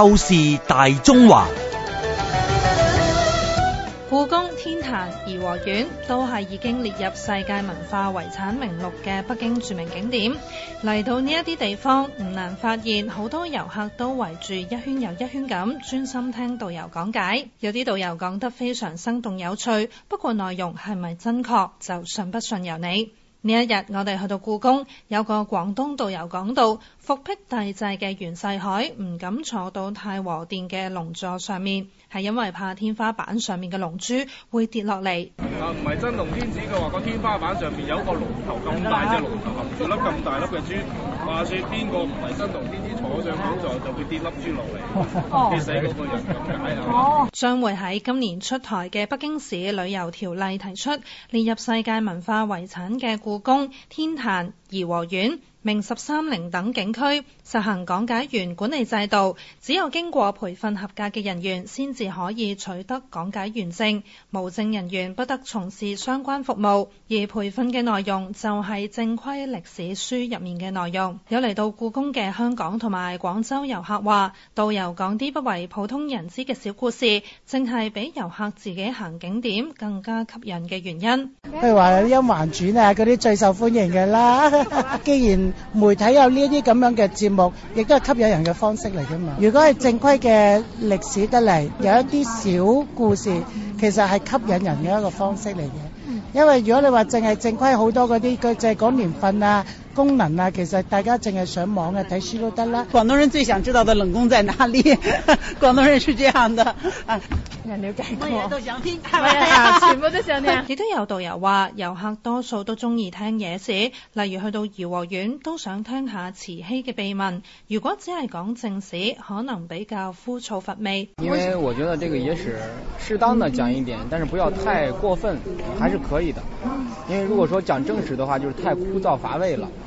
透視大中華，故宮、天壇、頤和園都係已經列入世界文化遺產名錄嘅北京著名景點。嚟到呢一啲地方，唔難發現好多遊客都圍住一圈又一圈咁，專心聽導遊講解。有啲導遊講得非常生動有趣，不過內容係咪真確，就信不信由你。呢一日我哋去到故宮，有個廣東導遊講到，復辟帝制嘅袁世凱唔敢坐到太和殿嘅龍座上面，係因為怕天花板上面嘅龍珠會跌落嚟。啊，唔係真龍天子嘅話，個天花板上面有一個龍頭，咁大隻龍頭，含住粒咁大粒嘅珠。話說邊個唔係真龍，邊啲坐上寶座就會跌粒磚落嚟，跌、哦、死佢個人咁解啊！哦，將會喺今年出台嘅北京市旅遊條例提出，列入世界文化遺產嘅故宮、天壇、頤和園。明十三陵等景區實行講解員管理制度，只有經過培訓合格嘅人員先至可以取得講解員證，無證人員不得從事相關服務。而培訓嘅內容就係正規歷史書入面嘅內容。有嚟到故宮嘅香港同埋廣州遊客話，導遊講啲不為普通人知嘅小故事，正係比遊客自己行景點更加吸引嘅原因。譬如話有啲《甄嬛傳》啊，嗰啲最受歡迎嘅啦， 既然媒體有呢一啲咁樣嘅節目，亦都係吸引人嘅方式嚟噶嘛。如果係正規嘅歷史得嚟，有一啲小故事，其實係吸引人嘅一個方式嚟嘅。因為如果你話淨係正規好多嗰啲，佢就係講年份啊。功能啊，其實大家淨係上網啊睇書都得啦。廣東人最想知道的冷宮在哪裏？廣東人是這樣的，乜、啊、嘢都想偏睇下，呀呀全部都想睇。亦 都有導遊話，遊客多數都中意聽野史，例如去到頤和園都想聽下慈禧嘅秘聞。如果只係講正史，可能比較枯燥乏味。因為我覺得這個野史適當的講一點，嗯、但是不要太過分，嗯、還是可以的。嗯、因為如果說講正史的話，就是太枯燥乏味了。嗯嗯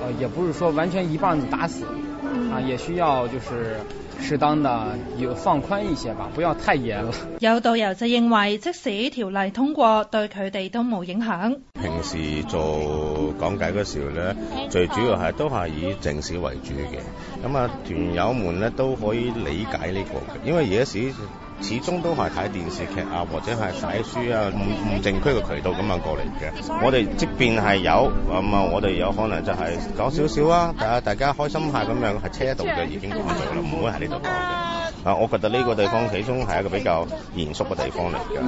呃，也不是說完全一棒子打死，啊，也需要就是適當的有放寬一些吧，不要太嚴了。有導遊就認為，即使條例通過，對佢哋都冇影響。平時做講解嘅時候咧，最主要係都係以正史為主嘅，咁啊，團友們咧都可以理解呢個嘅，因為野史，始終都係睇電視劇啊，或者係睇書啊，唔唔正規嘅渠道咁樣過嚟嘅。我哋即便係有咁啊，我哋有可能就係講少少啊，大家大家開心一下咁樣。係車一度就已經咁做啦，唔會喺呢度講嘅。我覺得呢個地方始終係一個比較嚴肅嘅地方嚟嘅，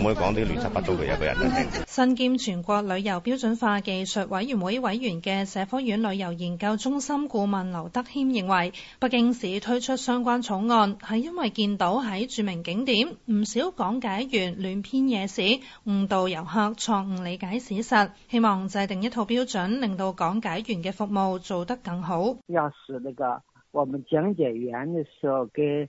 唔會講啲亂七八糟嘅一個人嚟嘅。身兼全國旅遊標準化技術委員會委員嘅社科院旅遊研究中心顧問劉德謙認為，北京市推出相關草案係因為見到喺著名景點唔少講解員亂編野史，誤導遊客、錯誤理解事實，希望制定一套標準，令到講解員嘅服務做得更好。要是那個我們講解員嘅時候嘅。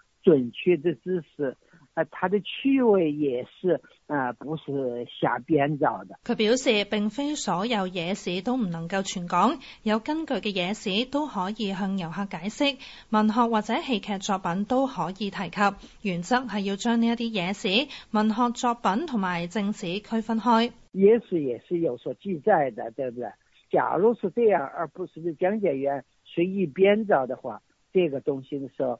準確的知識，啊、呃，他的趣味也是啊、呃，不是瞎編造的。佢表示，並非所有野史都唔能夠全講，有根據嘅野史都可以向遊客解釋。文學或者戲劇作品都可以提及，原則係要將呢一啲野史、文學作品同埋正史區分開。野史也，也是有所記載的，對不對？假如是這樣，而不是講解員隨意編造的話，這個東西的時候。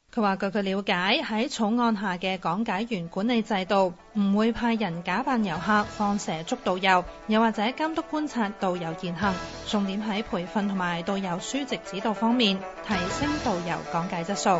佢話據佢了解，喺草案下嘅講解員管理制度，唔會派人假扮遊客放蛇捉導遊，又或者監督觀察導遊言行，重點喺培訓同埋導遊書籍指導方面，提升導遊講解質素。